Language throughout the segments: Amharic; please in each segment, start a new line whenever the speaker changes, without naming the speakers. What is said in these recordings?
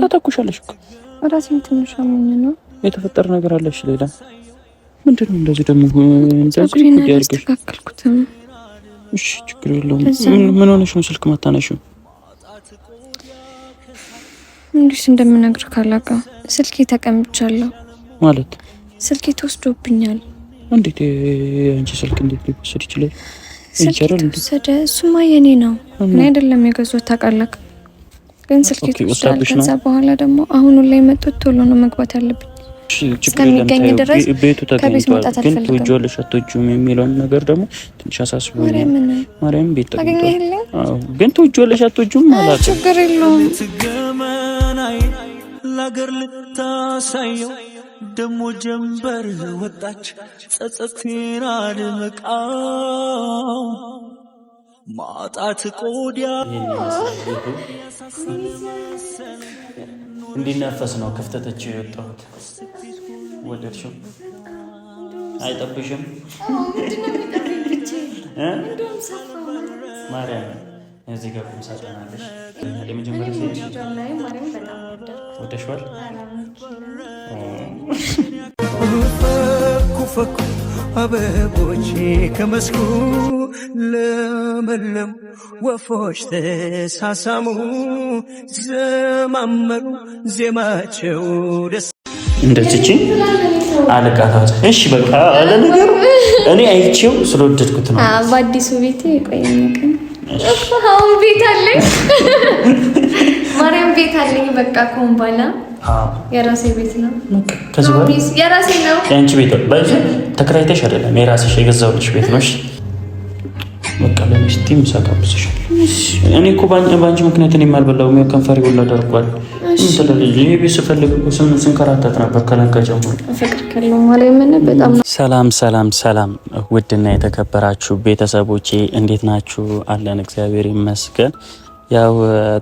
ታታኩሻለሽ እኮ
ራሴን ትንሽ አሞኝ ነው።
የተፈጠረ ነገር አለሽ ሌላ ምንድን ነው? እንደዚህ ደግሞ እሺ ችግር የለውም። ምን ሆነሽ ነው ስልክ ማታነሽው?
እንዴት እንደምነግርህ ካላውቅም ስልኬ ተቀምቻለሁ። ማለት ስልኬ ተወስዶብኛል።
እንዴት የአንቺ ስልክ እንዴት ሊወሰድ ይችላል?
ስልክ ተወሰደ። እሱማ የኔ ነው እኔ አይደለም የገዛሁት ታውቃለህ ግን ስልኬ
ይወስዳል። ከዛ
በኋላ ደግሞ አሁን ላይ መጡት። ቶሎ ነው መግባት ያለብኝ
እስከሚገኝ ድረስ ቤቱ ተገኝቷል። አልፈልግም። ትወጂዋለሽ አትወጂውም የሚለውን ነገር ደግሞ ትንሽ አሳስቦኝ ማርያም ቤት
ታገኘልኝ።
ግን ትወጂዋለሽ አትወጂውም
ማለት ችግር የለውም። ላገር ልታሳየው ደሞ ጀንበር ወጣች ጸጸቴን
አድምቃው ማጣት ቆዲያ እንዲናፈስ ነው ክፍተተችው የወጣሁት። ወደድሽው አይጠብሽም ማርያም እዚህ ጋር ቁም ሳጥናለሽ። የመጀመሪያ ወደሽዋል። ፈኩ ፈኩ አበቦቼ ከመስኩ ለ ተመለው ወፎች ተሳሳሙ ዘማመሩ ዜማቸው ደስ እንደዚች አለቃታ እሺ በቃ አለ ነገር እኔ አይቼው ስለወደድኩት ነው።
በአዲሱ ቤቴ ቆይ አሁን ቤት አለኝ፣ ማርያም ቤት አለኝ። በቃ ከሆን በኋላ የራሴ ቤት ነው፣ የራሴ ነው።
የአንቺ ቤት ተከራይተሽ አይደለም፣ የራስሽ የገዛሁልሽ ቤት ነው። በቃ ለሚስቴ ምሳ ጋብዝሻለሁ። እኔ እኮ በአንቺ ምክንያት እኔም አልበላሁም። ያው ከንፈሬ ሁላ ደርቋል። ስንከራተት ነበር። ሰላም ሰላም ሰላም። ውድና የተከበራችሁ ቤተሰቦቼ እንዴት ናችሁ? አለን እግዚአብሔር ይመስገን። ያው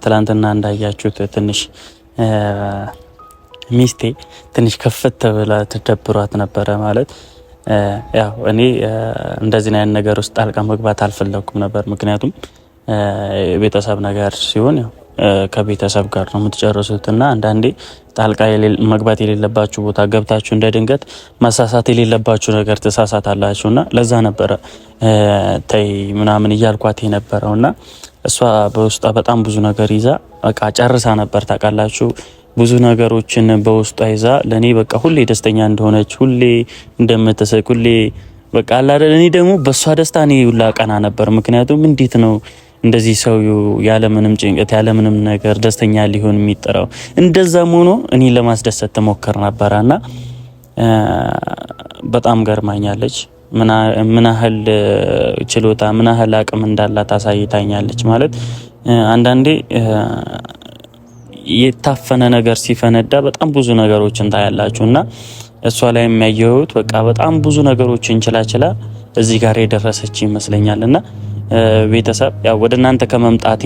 ትላንትና እንዳያችሁት ትንሽ ሚስቴ ትንሽ ከፍት ብላ ትደብሯት ነበረ ማለት ያው እኔ እንደዚህ አይነት ነገር ውስጥ ጣልቃ መግባት አልፈለኩም ነበር። ምክንያቱም የቤተሰብ ነገር ሲሆን ያው ከቤተሰብ ጋር ነው የምትጨርሱት እና አንዳንዴ ጣልቃ መግባት የሌለባችሁ ቦታ ገብታችሁ እንደ ድንገት መሳሳት የሌለባችሁ ነገር ትሳሳታላችሁ። እና ለዛ ነበረ ተይ ምናምን እያልኳት የነበረው እና እሷ በውስጧ በጣም ብዙ ነገር ይዛ በቃ ጨርሳ ነበር ታውቃላችሁ። ብዙ ነገሮችን በውስጧ ይዛ ለእኔ በቃ ሁሌ ደስተኛ እንደሆነች ሁሌ እንደምትስቅ ሁሌ በቃ አላደለ። እኔ ደግሞ በእሷ ደስታ እኔ ሁላ ቀና ነበር። ምክንያቱም እንዴት ነው እንደዚህ ሰው ያለምንም ጭንቀት ያለምንም ነገር ደስተኛ ሊሆን የሚጠራው? እንደዛም ሆኖ እኔ ለማስደሰት ትሞክር ነበረ እና በጣም ገርማኛለች። ምን ያህል ችሎታ ምን ያህል አቅም እንዳላት አሳይታኛለች። ማለት አንዳንዴ የታፈነ ነገር ሲፈነዳ በጣም ብዙ ነገሮች እንታያላችሁና እና እሷ ላይ የሚያየሁት በቃ በጣም ብዙ ነገሮች እንችላችላ እዚህ ጋር የደረሰች ይመስለኛል። እና ቤተሰብ ያው ወደ እናንተ ከመምጣቴ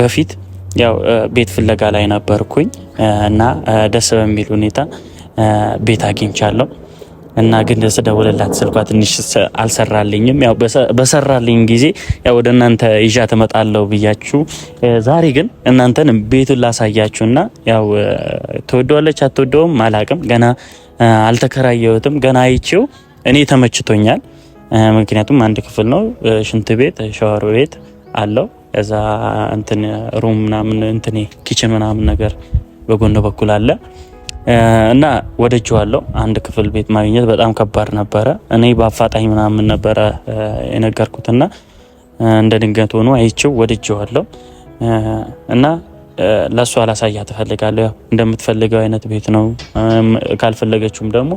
በፊት ያው ቤት ፍለጋ ላይ ነበርኩኝ እና ደስ በሚል ሁኔታ ቤት አግኝቻለሁ። እና ግን ስደውልላት ስልኳ ትንሽ አልሰራልኝም። ያው በሰራልኝ ጊዜ ያው ወደ እናንተ ይዣ ትመጣለሁ ብያችሁ፣ ዛሬ ግን እናንተን ቤቱን ላሳያችሁና ያው ትወደዋለች አትወደውም አላቅም። ገና አልተከራየሁትም። ገና አይቼው እኔ ተመችቶኛል። ምክንያቱም አንድ ክፍል ነው፣ ሽንት ቤት፣ ሻወር ቤት አለው። እዛ እንትን ሩም ምናምን እንትን ኪችን ምናምን ነገር በጎን በኩል አለ እና ወደችዋለሁ። አንድ ክፍል ቤት ማግኘት በጣም ከባድ ነበረ። እኔ በአፋጣኝ ምናምን ነበረ የነገርኩትና እንደ ድንገት ሆኖ አይችው ወደችዋለሁ እና ለእሱ አላሳያ ትፈልጋለሁ። ያው እንደምትፈልገው አይነት ቤት ነው። ካልፈለገችውም ደግሞ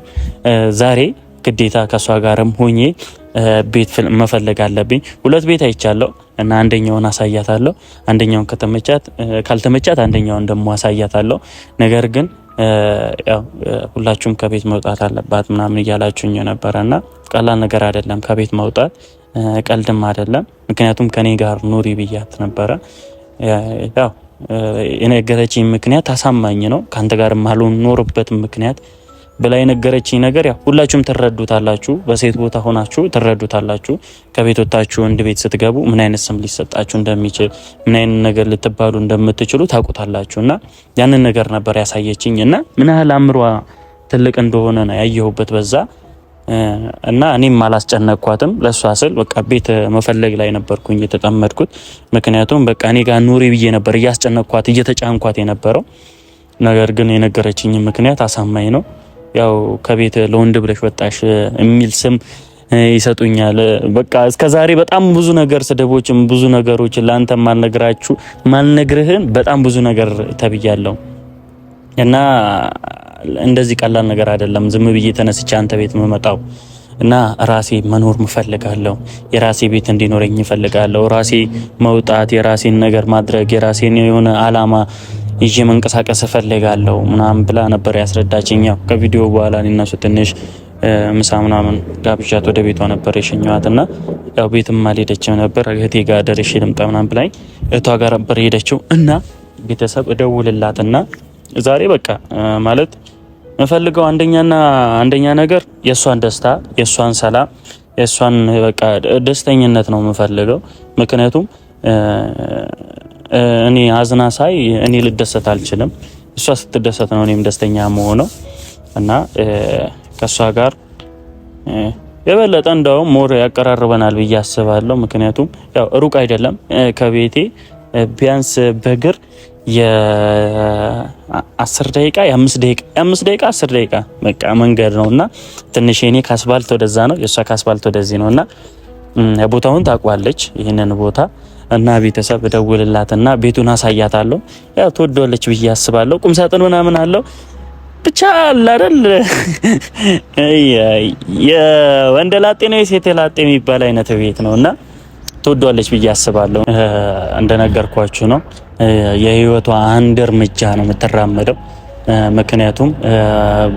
ዛሬ ግዴታ ከእሷ ጋርም ሆኜ ቤት መፈለግ አለብኝ። ሁለት ቤት አይቻለሁ እና አንደኛውን አሳያታለሁ። አንደኛውን ከተመቻት፣ ካልተመቻት አንደኛውን ደግሞ አሳያታለሁ። ነገር ግን ሁላችሁም ከቤት መውጣት አለባት ምናምን እያላችሁኝ ነበረ እና ቀላል ነገር አይደለም ከቤት መውጣት ቀልድም አይደለም። ምክንያቱም ከኔ ጋር ኑሪ ብያት ነበረ። ያው የነገረችኝ ምክንያት አሳማኝ ነው። ከአንተ ጋር ማልኖርበት ምክንያት ብላ የነገረችኝ ነገር ያው ሁላችሁም ትረዱታላችሁ። በሴት ቦታ ሆናችሁ ትረዱታላችሁ። ከቤት ወታችሁ ወንድ ቤት ስትገቡ ምን አይነት ስም ሊሰጣችሁ እንደሚችል ምን አይነት ነገር ልትባሉ እንደምትችሉ ታውቁታላችሁ። እና ያንን ነገር ነበር ያሳየችኝ እና ምን ያህል አእምሯ ትልቅ እንደሆነ ነው ያየሁበት በዛ እና እኔም አላስጨነቅኳትም። ለእሷ ስል በቃ ቤት መፈለግ ላይ ነበርኩኝ የተጠመድኩት። ምክንያቱም በቃ እኔ ጋር ኑሪ ብዬ ነበር እያስጨነቅኳት እየተጫንኳት የነበረው ነገር ግን የነገረችኝ ምክንያት አሳማኝ ነው። ያው ከቤት ለወንድ ብለሽ ወጣሽ የሚል ስም ይሰጡኛል። በቃ እስከ ዛሬ በጣም ብዙ ነገር ስድቦችም፣ ብዙ ነገሮች ለአንተ ማልነግራችሁ ማልነግርህን በጣም ብዙ ነገር ተብያለሁ እና እንደዚህ ቀላል ነገር አይደለም። ዝም ብዬ ተነስቼ አንተ ቤት የምመጣው እና ራሴ መኖር ምፈልጋለሁ። የራሴ ቤት እንዲኖረኝ እፈልጋለሁ። ራሴ መውጣት፣ የራሴን ነገር ማድረግ፣ የራሴን የሆነ አላማ ይዤ መንቀሳቀስ እፈልጋለሁ ምናምን ብላ ነበር ያስረዳችኝ። ያው ከቪዲዮ በኋላ እነሱ ትንሽ ምሳ ምናምን ጋብዣት ወደ ቤቷ ነበር የሸኘዋት እና ያው ቤትም አልሄደችም ነበር። እህቴ ጋር ደርሼ ልምጣ ምናምን ብላኝ እህቷ ጋር ነበር ሄደችው እና ቤተሰብ እደውልላት እና ዛሬ በቃ ማለት የምፈልገው አንደኛና አንደኛ ነገር የእሷን ደስታ የእሷን ሰላም የእሷን በቃ ደስተኝነት ነው የምፈልገው ምክንያቱም እኔ አዝና ሳይ እኔ ልደሰት አልችልም። እሷ ስትደሰት ነው እኔም ደስተኛ መሆነው እና ከእሷ ጋር የበለጠ እንደውም ሞር ያቀራርበናል ብዬ አስባለሁ። ምክንያቱም ያው ሩቅ አይደለም ከቤቴ ቢያንስ በእግር የአስር ደቂቃ የአምስት ደቂቃ የአምስት ደቂቃ አስር ደቂቃ በቃ መንገድ ነው እና ትንሽ የኔ ከአስፋልት ወደዛ ነው የእሷ ከአስፋልት ወደዚህ ነው እና ቦታውን ታውቋለች ይህንን ቦታ እና ቤተሰብ እደውልላትና ቤቱን አሳያታለሁ። ያው ትወደዋለች ብዬ አስባለሁ። ቁም ሳጥን ምናምን አለው ብቻ አለ አይደል? የወንድ ላጤ ነው የሴት ላጤ የሚባል አይነት ቤት ነውና ትወዷለች ብዬ አስባለሁ። እንደነገርኳችሁ ነው የህይወቷ አንድ እርምጃ ነው የምትራመደው። ምክንያቱም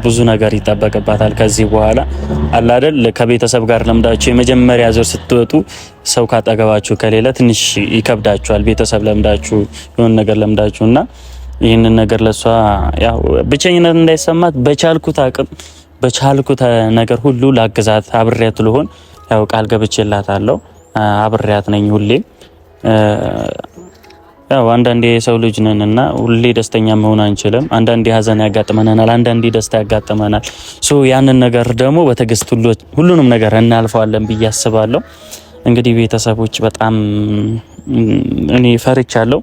ብዙ ነገር ይጠበቅባታል ከዚህ በኋላ አላደል ከቤተሰብ ጋር ለምዳችሁ የመጀመሪያ ዙር ስትወጡ ሰው ካጠገባችሁ ከሌለ ትንሽ ይከብዳችኋል። ቤተሰብ ለምዳችሁ የሆነ ነገር ለምዳችሁ እና ይህንን ነገር ለሷ ያው ብቸኝነት እንዳይሰማት በቻልኩት አቅም በቻልኩት ነገር ሁሉ ላግዛት፣ አብሬያት ልሆን ያው ቃል ገብቼላታለሁ። አብሬያት ነኝ ሁሌም ያው አንዳንዴ የሰው ልጅ ነን እና ሁሌ ደስተኛ መሆን አንችልም። አንዳንዴ ሀዘን ያጋጥመናል፣ አንዳንዴ ደስታ ያጋጥመናል። ሶ ያንን ነገር ደግሞ በትዕግስት ሁሉንም ነገር እናልፈዋለን ብዬ አስባለሁ። እንግዲህ ቤተሰቦች በጣም እኔ ፈርቻለሁ።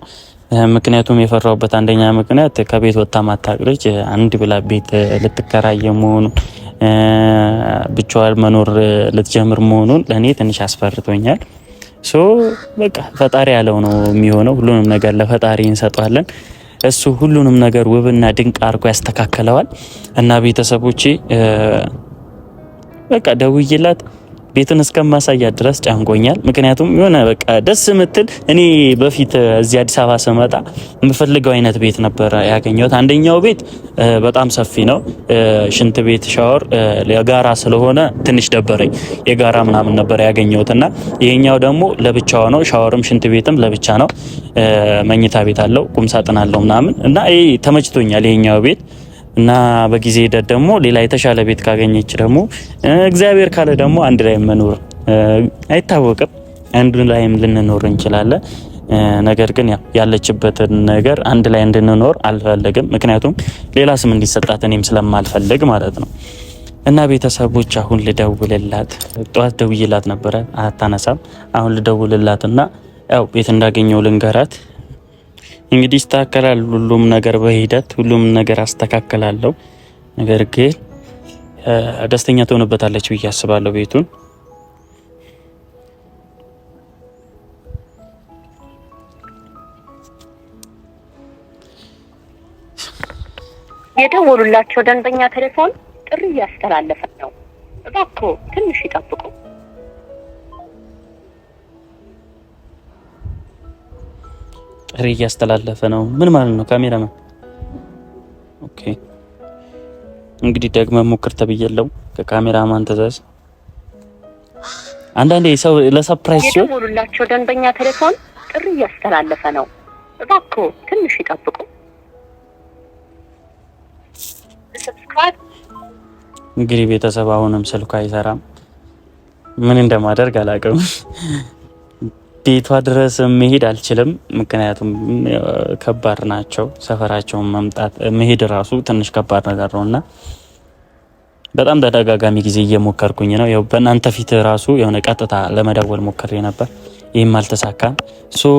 ምክንያቱም የፈራውበት አንደኛ ምክንያት ከቤት ወጥታ ማታቅ ልጅ አንድ ብላ ቤት ልትከራየ መሆኑን ብቻዋን መኖር ልትጀምር መሆኑን ለእኔ ትንሽ አስፈርቶኛል። በቃ ፈጣሪ ያለው ነው የሚሆነው። ሁሉንም ነገር ለፈጣሪ እንሰጠዋለን። እሱ ሁሉንም ነገር ውብና ድንቅ አድርጎ ያስተካከለዋል እና ቤተሰቦቼ በቃ ደውዬላት ቤትን እስከማሳያት ድረስ ጫንቆኛል። ምክንያቱም የሆነ በቃ ደስ የምትል እኔ በፊት እዚህ አዲስ አበባ ስመጣ የምፈልገው አይነት ቤት ነበረ ያገኘሁት። አንደኛው ቤት በጣም ሰፊ ነው። ሽንት ቤት፣ ሻወር የጋራ ስለሆነ ትንሽ ደበረኝ። የጋራ ምናምን ነበር ያገኘሁት እና ይሄኛው ደግሞ ለብቻው ነው። ሻወርም ሽንት ቤትም ለብቻ ነው። መኝታ ቤት አለው፣ ቁምሳጥን አለው ምናምን እና ይሄ ተመችቶኛል ይሄኛው ቤት እና በጊዜ ሂደት ደግሞ ሌላ የተሻለ ቤት ካገኘች ደግሞ እግዚአብሔር ካለ ደግሞ አንድ ላይ መኖር አይታወቅም፣ አንድ ላይም ልንኖር እንችላለን። ነገር ግን ያለችበትን ነገር አንድ ላይ እንድንኖር አልፈልግም። ምክንያቱም ሌላ ስም እንዲሰጣት እኔም ስለማልፈልግ ማለት ነው። እና ቤተሰቦች አሁን ልደውልላት፣ ጠዋት ደውዬላት ነበረ አታነሳም። አሁን ልደውልላት እና ያው ቤት እንዳገኘው ልንገራት እንግዲህ ይስተካከላል ሁሉም ነገር በሂደት ሁሉም ነገር አስተካከላለሁ። ነገር ግን ደስተኛ ትሆንበታለች ብዬ አስባለሁ ቤቱን የደወሉላቸው ደንበኛ ቴሌፎን ጥሪ እያስተላለፈ ነው። እባክዎ ትንሽ ይጠብቁ። ጥሪ እያስተላለፈ ነው። ምን ማለት ነው? ካሜራማን ኦኬ። እንግዲህ ደግመ ሞክር ተብያለው ከካሜራማን ትእዛዝ። አንዳንዴ ሰው ለሰርፕራይዝ ሲሆን የደወሉላቸው ደንበኛ ቴሌፎን ጥሪ እያስተላለፈ ነው። እባክዎ ትንሽ ይጠብቁ። እንግዲህ ቤተሰብ አሁንም ስልኩ አይሰራም። ምን እንደማደርግ አላውቅም። ቤቷ ድረስ መሄድ አልችልም። ምክንያቱም ከባድ ናቸው። ሰፈራቸውን መምጣት መሄድ ራሱ ትንሽ ከባድ ነገር ነው እና በጣም ተደጋጋሚ ጊዜ እየሞከርኩኝ ነው። ያው በእናንተ ፊት ራሱ የሆነ ቀጥታ ለመደወል ሞክሬ ነበር፣ ይህም አልተሳካም። ሶ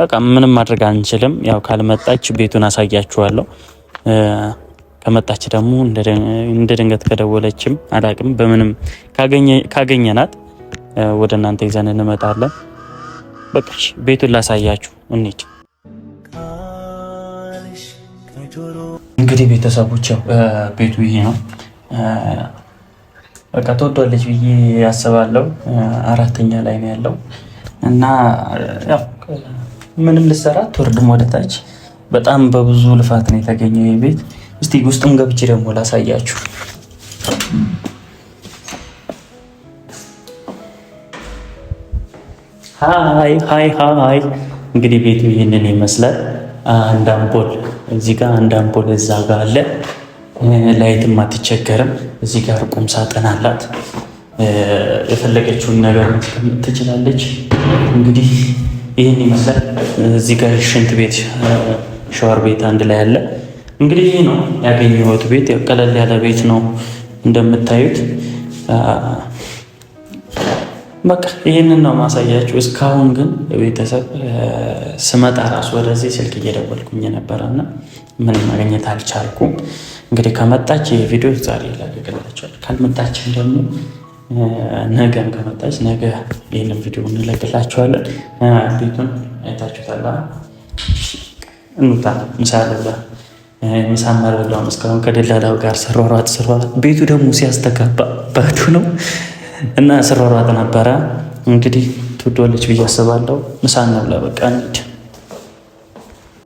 በቃ ምንም ማድረግ አንችልም። ያው ካልመጣች ቤቱን አሳያችኋለሁ። ከመጣች ደግሞ እንደ ድንገት ከደወለችም አላቅም፣ በምንም ካገኘናት ወደ እናንተ ይዘን እንመጣለን። በቃ ቤቱን ላሳያችሁ እንሂድ። እንግዲህ ቤተሰቦች ያው ቤቱ ይሄ ነው። በቃ ተወዷለች ብዬ ያስባለው አራተኛ ላይ ነው ያለው እና ምንም ልሰራ ትወርድም ወደታች በጣም በብዙ ልፋት ነው የተገኘው ይህ ቤት። እስቲ ውስጡም ገብቼ ደግሞ ላሳያችሁ። ሀይ ሀይ ሀይ። እንግዲህ ቤቱ ይህንን ይመስላል። አንድ አምፖል እዚህ ጋር አንድ አምፖል እዛ ጋር አለ። ላይትም አትቸገርም። እዚህ ጋር ቁም ሳጥን አላት። የፈለገችውን ነገር ትችላለች። እንግዲህ ይህን ይመስላል። እዚህ ጋር ሽንት ቤት፣ ሻወር ቤት አንድ ላይ አለ። እንግዲህ ይህ ነው ያገኘሁት ቤት። ቀለል ያለ ቤት ነው እንደምታዩት በቃ ይህንን ነው ማሳያችሁ። እስካሁን ግን ቤተሰብ ስመጣ ራሱ ወደዚህ ስልክ እየደወልኩኝ እና ምንም ማግኘት አልቻልኩም። እንግዲህ ከመጣች ይህ ቪዲዮ ዛሬ ይለቅላቸዋል። ካልመጣችን ደግሞ ነገም ከመጣች ነገ ይህንን ቪዲዮ እንለቅላቸዋለን። ቤቱን አይታችሁታል። እንውጣ ምሳ ልብላ። ምሳ መርብላውን እስካሁን ከደላላው ጋር ስሯሯጥ ስሯሯጥ ቤቱ ደግሞ ሲያስተጋባ ባዶ ነው። እና ስሯሯጥ ነበረ። እንግዲህ ትወደዋለች ብዬ አስባለሁ። ምሳ እንብላ በቃ እንሂድ።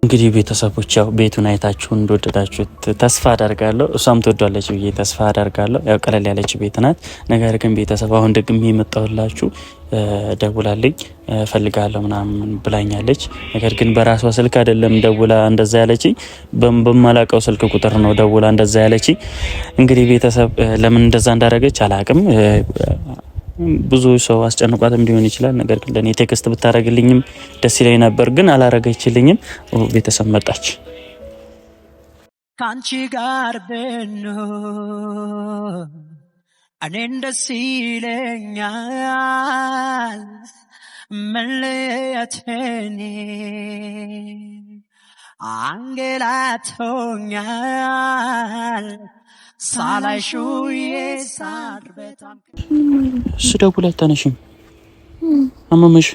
እንግዲህ ቤተሰቦች ያው ቤቱን አይታችሁ እንደወደዳችሁት ተስፋ አደርጋለሁ። እሷም ትወዷለች ብዬ ተስፋ አደርጋለሁ። ያው ቀለል ያለች ቤት ናት። ነገር ግን ቤተሰብ አሁን ደግሜ የመጣሁላችሁ ደውላልኝ እፈልጋለሁ ምናምን ብላኛለች። ነገር ግን በራሷ ስልክ አይደለም ደውላ እንደዛ ያለችኝ፣ በማላውቀው ስልክ ቁጥር ነው ደውላ እንደዛ ያለችኝ። እንግዲህ ቤተሰብ ለምን እንደዛ እንዳደረገች አላውቅም። ብዙ ሰው አስጨንቋትም ሊሆን ይችላል። ነገር ግን ለእኔ ቴክስት ብታደረግልኝም ደስ ይለኝ ነበር፣ ግን አላረገችልኝም። ቤተሰብ መጣች። ከአንቺ ጋር ብንሆን እኔን ደስ ይለኛል፣ መለየትኔ አንገላቶኛል ሳላሹ ስደውል አታነሽም? አመመሽ?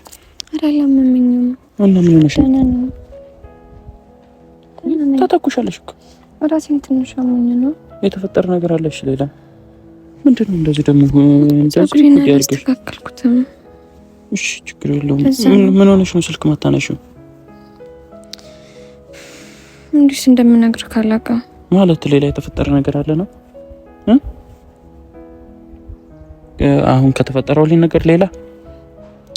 ኧረ አላመመኝም።
እና ምን ሆነሽ? ታጠቁሻለሽ እኮ
ራሴን ትንሽ አሞኝ ነው።
የተፈጠረ ነገር አለሽ? ሌላ ምንድን ነው? እንደዚህ ደግሞ
አስተካከልኩትም።
እሺ ችግር የለውም። ምን ሆነሽ ነው ስልክ ማታነሽም?
እንዲስ እንደምነግርህ ካላውቅም
ማለት ሌላ የተፈጠረ ነገር አለ ነው። አሁን ከተፈጠረው ልኝ ነገር ሌላ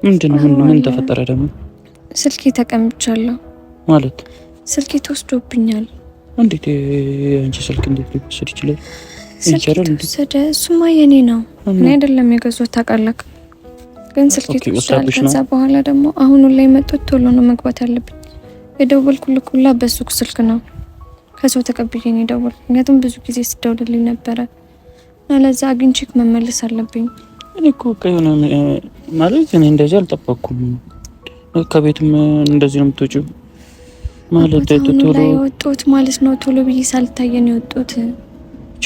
ምንድን ነው? ምን ተፈጠረ ደግሞ?
ስልኬ ተቀምቻለሁ ማለት ስልኬ ተወስዶብኛል።
እንዴት አንቺ ስልክ እንዴት ሊወሰድ ይችላል?
ስልኬ ተወሰደ። እሱማ የኔ ነው እኔ አይደለም የገዛሁት ታውቃለህ። ግን ስልኬ
ተወስዷል። ከዛ
በኋላ ደግሞ አሁኑ ላይ መጥቶት ቶሎ ነው መግባት ያለብኝ። የደወልኩልህ ሁላ በሱቅ ስልክ ነው ከሰው ተቀብዬ ነው የደወል ምክንያቱም ብዙ ጊዜ ስደውልልኝ ነበረ እና ለዛ አግኝቼክ መመለስ አለብኝ።
እኔ እኮ በቃ የሆነ ማለት እኔ እንደዚህ አልጠበኩም። ከቤትም እንደዚህ ነው የምትወጪው ማለት
ቶሎ የወጡት ማለት ነው። ቶሎ ብዬ ሳልታየን የወጡት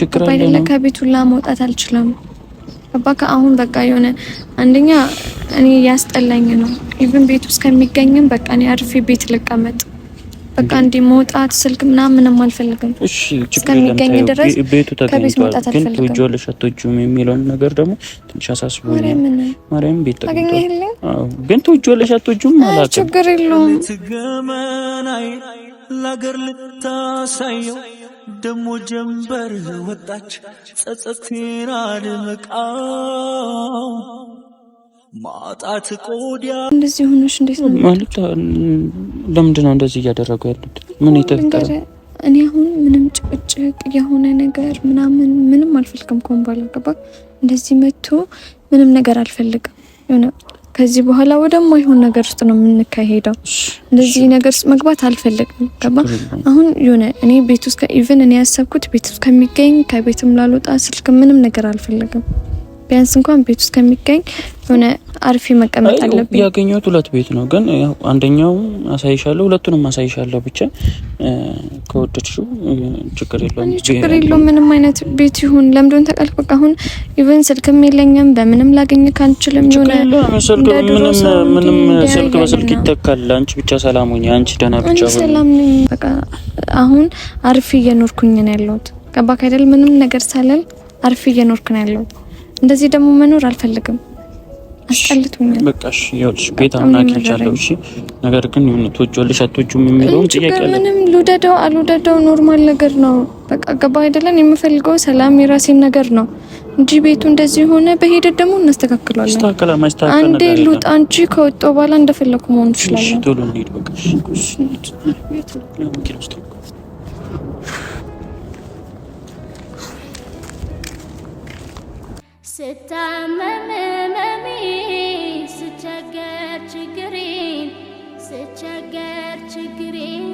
ችግር አይደለ። ከቤቱ ላ መውጣት አልችልም። አባካ አሁን በቃ የሆነ አንደኛ እኔ ያስጠላኝ ነው። ኢቭን ቤት ውስጥ ከሚገኝም በቃ እኔ አርፌ ቤት ልቀመጥ በቃ እንዲህ መውጣት ስልክ ምንም አልፈልግም።
እሺ እስከሚገኝ ድረስ ቤቱ ተገኝቷል፣ ግን ትውጆለሽ አትወጂውም የሚለውን ነገር ደግሞ ትንሽ አሳስቦኝ ማርያም ቤት ተገኝቷል፣ ግን ትውጆለሽ አትወጂውም
ማለት ችግር የለውም። ትገመናይ ላገር ልታሳየው ደሞ ጀንበር ወጣች ጸጸቴን አድምቃው ማጣት ቆዲያ እንደዚህ ሆነሽ እንዴት
ነው ማለት? ለምንድን ነው እንደዚህ እያደረጉ ያሉት? ምን የተፈጠረ?
እኔ አሁን ምንም ጭቅጭቅ የሆነ ነገር ምናምን ምንም አልፈልግም። ከሆን ባላ እንደዚህ መጥቶ ምንም ነገር አልፈልግም። የሆነ ከዚህ በኋላ ወደማይሆን ነገር ውስጥ ነው የምንካሄደው። እንደዚህ ነገር ውስጥ መግባት አልፈልግም። ገባ አሁን የሆነ እኔ ቤት ውስጥ ኢቨን እኔ ያሰብኩት ቤት ውስጥ ከሚገኝ ከቤትም ላልወጣ ስልክ ምንም ነገር አልፈልግም። ቢያንስ እንኳን ቤት ውስጥ ከሚገኝ የሆነ አሪፍ መቀመጥ
አለብኝ። ያገኘሁት ሁለት ቤት ነው፣ ግን አንደኛው አሳይሻለሁ፣ ሁለቱንም አሳይሻለሁ። ብቻ ከወደድሽው ችግር የለውም፣
ችግር የለውም። ምንም አይነት ቤት ይሁን ለምዶን ተቃልክ። በቃ አሁን ኢቨን ስልክም የለኝም፣ በምንም ላገኝ ካንችልም የሆነ
ምንም ስልክ በስልክ ይተካል። አንቺ ብቻ ሰላም ሁኝ፣ አንቺ ደህና ብቻ
ሰላም ነኝ። በቃ አሁን አሪፍ እየኖርኩኝ ነው ያለሁት። ገባክ አይደል? ምንም ነገር ሳለል አሪፍ እየኖርኩ ነው ያለሁት። እንደዚህ ደግሞ መኖር አልፈልግም። አስጠልቶኛል።
በቃ እሺ፣ ቤት እሺ፣ ነገር ግን ይሁን ትወጪዋለሽ አትወጪውም የሚለውን
ጥያቄ ምንም ልውደደው አልውደደው ኖርማል ነገር ነው። በቃ ገባ አይደለን? የምፈልገው ሰላም የራሴን ነገር ነው እንጂ ቤቱ እንደዚህ ሆነ በሂደት ደግሞ እናስተካክለዋለን።
ይስተካከላ አንዴ
ልውጥ አንቺ ከወጣሁ በኋላ እንደፈለኩ መሆን ይችላል።
እሺ፣ ቶሎ በቃ እሺ። ስታመም መሜ ስቸገር ችግሬን ስቸገር ችግሬን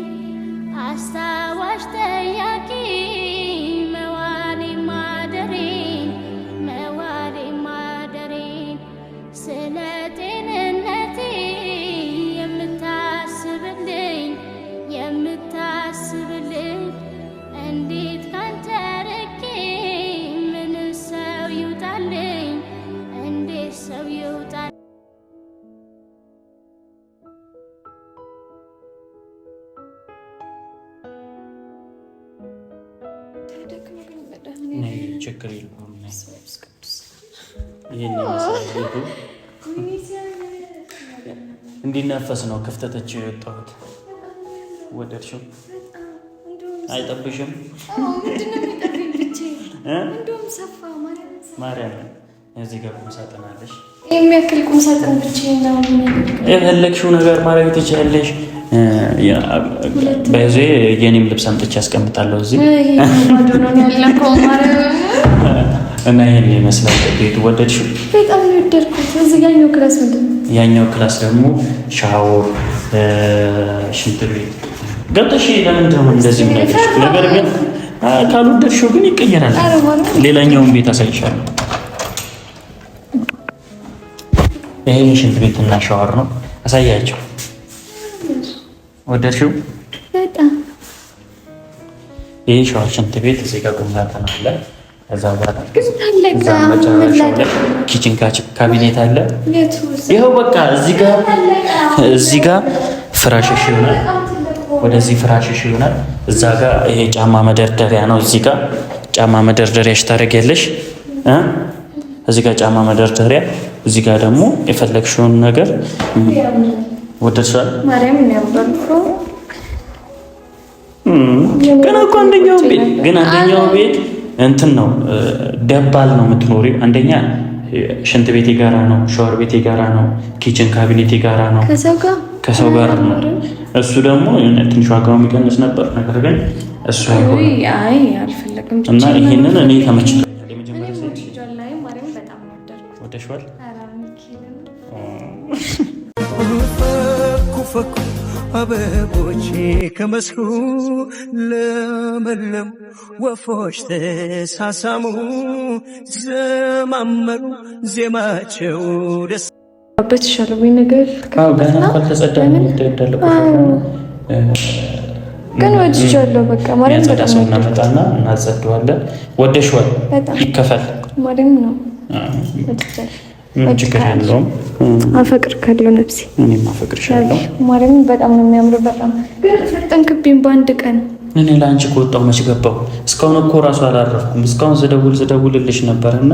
አስታዋሽ ጠያቂ ችግር የለውም። ይህን እንዲናፈስ ነው ክፍተተች የወጣሁት። ወደድሽው? አይጠብሽም? ማርያም እዚህ ጋር ቁምሳጥን አለሽ።
የሚያክል ቁምሳጥን ሳጥን ብቻ ነው።
የፈለግሽው ነገር ማድረግ ትችያለሽ። በዚ የኔም ልብስ አምጥቼ አስቀምጣለሁ እዚህ እና ይሄን ይመስላል ቤቱ። ወደድሽ?
በጣም ነው የወደድኩት። እዚህ ያኛው ክላስ ምንድን
ያኛው ክላስ ደግሞ ሻወር፣ ሽንት ቤት ገብተሽ ለምንድን እንደዚህ ምናይሽ? ነገር ግን ካልወደድሽው ግን ይቀየራል። ሌላኛውን ቤት አሳይሻለሁ። ይሄ ሽንት ቤት እና ሻወር ነው። አሳያቸው። ወደድሽው? በጣም ይሄ ሻወር ሽንት ቤት እዚህ ጋር ቁም ሳጥን አለ ከዛ
በኋላ
ኪችን ካቢኔት አለ። ይኸው በቃ እዚህ ጋር እዚህ ጋር ፍራሽሽ ይሆናል። ወደዚህ ፍራሽሽ ይሆናል። እዛ ጋር ይሄ ጫማ መደርደሪያ ነው። እዚህ ጋር ጫማ መደርደሪያሽ ታደርጊያለሽ። እዚህ ጋር ጫማ መደርደሪያ፣ እዚህ ጋር ደግሞ የፈለግሽውን ነገር ወደሷል ግን እኮ አንደኛው ቤት ግን አንደኛው ቤት እንትን ነው ደባል ነው የምትኖሪ። አንደኛ ሽንት ቤት የጋራ ነው፣ ሻወር ቤት የጋራ ነው፣ ኪችን ካቢኔት የጋራ ነው፣ ከሰው ጋር ነው። እሱ ደግሞ ትንሽ ዋጋው የሚቀንስ ነበር፣ ነገር ግን እሱ እና ይህንን እኔ ተመችቶ ወደሽዋል
አበቦቼ ከመስኩ ለመለም ወፎች ተሳሳሙ ዘማመሩ ዜማቸው ደስ አበት ይሻለኝ ነገር ግን ወድጃለሁ። በቃ ማለት
ነው። ሰው እናመጣና እናጸደዋለን። ወደሽዋል ይከፈል ማለት ነው። ችግር ያለውም
አፈቅር ካለው ነፍሴ
እኔም አፈቅርሻለሁ።
ማርያም በጣም ነው የሚያምሩ። በጣም ጠንክቤም በአንድ ቀን
እኔ ለአንቺ ከወጣው መች ገባው። እስካሁን እኮ ራሱ አላረፍኩም። እስካሁን ስደውል ስደውልልሽ ነበር እና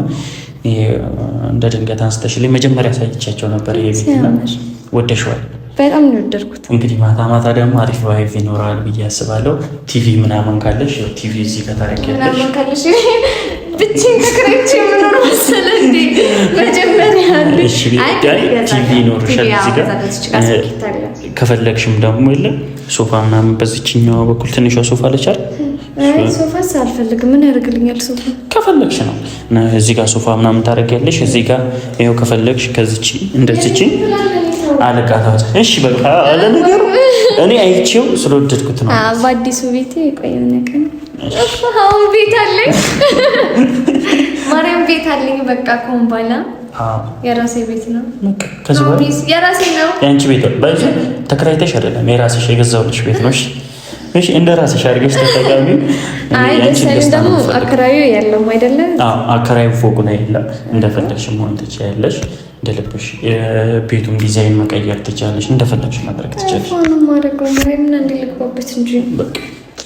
እንደ ድንገት አንስተሽ መጀመሪያ ሳይቻቸው ነበር። የቤትና ወደሸዋል
በጣም ነው የወደድኩት።
እንግዲህ ማታ ማታ ደግሞ አሪፍ ቫይቭ ይኖራል ብዬ አስባለሁ። ቲቪ ምናምን ካለሽ ቲቪ እዚህ ከታሪክ ያለሽ
ምናምን ካለሽ ተከራይቼ የምኖር መሰለኝ
ትንሽ ይወዳል። ቲቪ ይኖርሻል እዚህ ጋር ከፈለግሽም ደግሞ የለም ሶፋ ምናምን በዚችኛዋ በኩል ትንሿ ሶፋ ለቻል
ሶፋ አልፈልግም። ምን ያደርግልኛል ሶፋ?
ከፈለግሽ ነው እዚህ ጋር ሶፋ ምናምን ታደርጊያለሽ። እዚህ ጋር ይኸው ከፈለግሽ ከዚች እንደዚች አለቃታት። እሺ በቃ እኔ አይቼው ስለወደድኩት ነው።
በአዲሱ ቤቴ ነገር አሁን ቤት አለኝ ማርያም ቤት አለኝ። በቃ ኮምባላ የራሴ ቤት ነው። የራሴ ነው።
የአንቺ ቤት በዚህ ተከራይተሽ አይደለም፣ የራስሽ የገዛሁልሽ ቤት ነው። እሺ እንደ ራስሽ አድርገሽ ተጠቃሚ።
ደግሞ አከራቢው ያለው አይደለም።
አከራቢው ፎቁ ነው ያለ። እንደፈለግሽ መሆን ትችያለሽ፣ እንደ ልብሽ። ቤቱም ዲዛይን መቀየር ትችያለሽ፣ እንደፈለግሽ ማድረግ ትችያለሽ።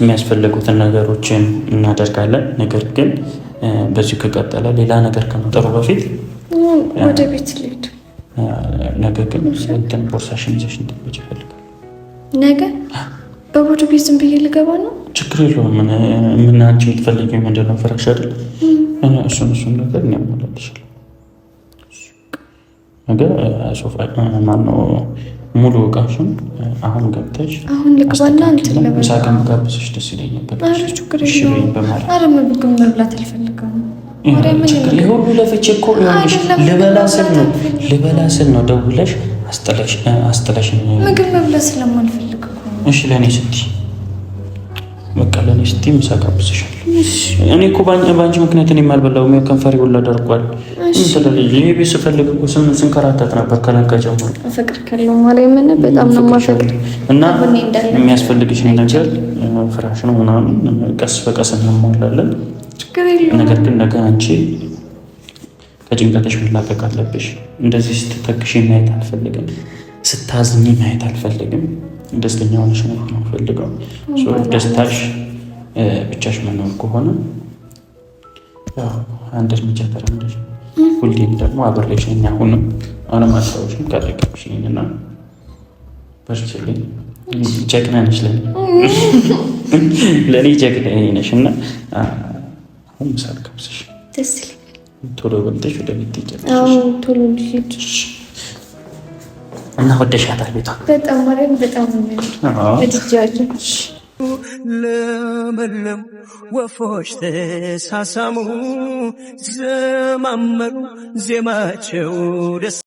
የሚያስፈልጉትን ነገሮችን እናደርጋለን። ነገር ግን በዚሁ ከቀጠለ ሌላ ነገር ከመጠሩ በፊት
ወደ ቤት ልሄድ
ነገ ግን እንትን ቦርሳሽን ይዘሽ እንድትመጪ እፈልጋለሁ።
ነገ በቦርድ ቤት ዝም ብዬ ልገባ ነው።
ችግር የለውም። ምን አንቺ የምትፈልጊው ምንድን ነው? ፍራሽ አይደል? እሱን እሱን ነገር እኔ እሞላለሁ። ነገ ሶፋ ማነው ሙሉ እቃሱን አሁን ገብተሽ
አሁን ልግባና እንትን ለበሳ ጋብዝሽ ደስ ይለኛል። ችግር የለውም። ኧረ ምግብ መብላት አልፈልግም
ሁሉ ለፍቼ እኮ ልበላ ስል ነው ልበላ ስል ነው ደውለሽ አስጥለሽ
ምግብ መብላት ስለማልፈልግ
እሺ ለእኔ ስትይ በቃ ለእኔ ስትይ ምሳ ጋብዝሻለሁ እኔ እኮ በአንቺ ምክንያት እኔ የማልበላው ከንፈሬ ሁላ ደርቋል ይህ ቤት ስፈልግ ስንከራተት ነበር ከለንጋ ጀምሮ እና የሚያስፈልግሽ ነገር ፍራሽ ነው ምናምን ቀስ በቀስ እንሟላለን ነገር ግን ነገ አንቺ ከጭንቀትሽ መላቀቅ አለብሽ። እንደዚህ ስትተክሽ ማየት አልፈልግም። ስታዝኝ ማየት አልፈልግም። ደስተኛ ሆነሽ ማየት ነው ፈልገው። ደስታሽ ብቻሽ መኖር ከሆነ አንድ እርምጃ ተራምደሽ ሁሌም ደግሞ አብሬሽ ነኝ። አሁንም አሁንም አስታውሽም ካለቀብሽኝ ይህንና በርችልኝ። ጀግና ነሽ ለእኔ ለእኔ ጀግና ነሽ እና አሁን ምሳ ልጋብዝሽ።
ደስ ይለኛል።
ቶሎ በልተሽ ወደ ቤት ትሄጃለሽ።
ቶሎ ልጅ
እና ወደሻታል ቤቷ
በጣም ማለት በጣም
ለመለም ወፎች ተሳሳሙ፣ ዘማመሩ ዜማቸው ደስ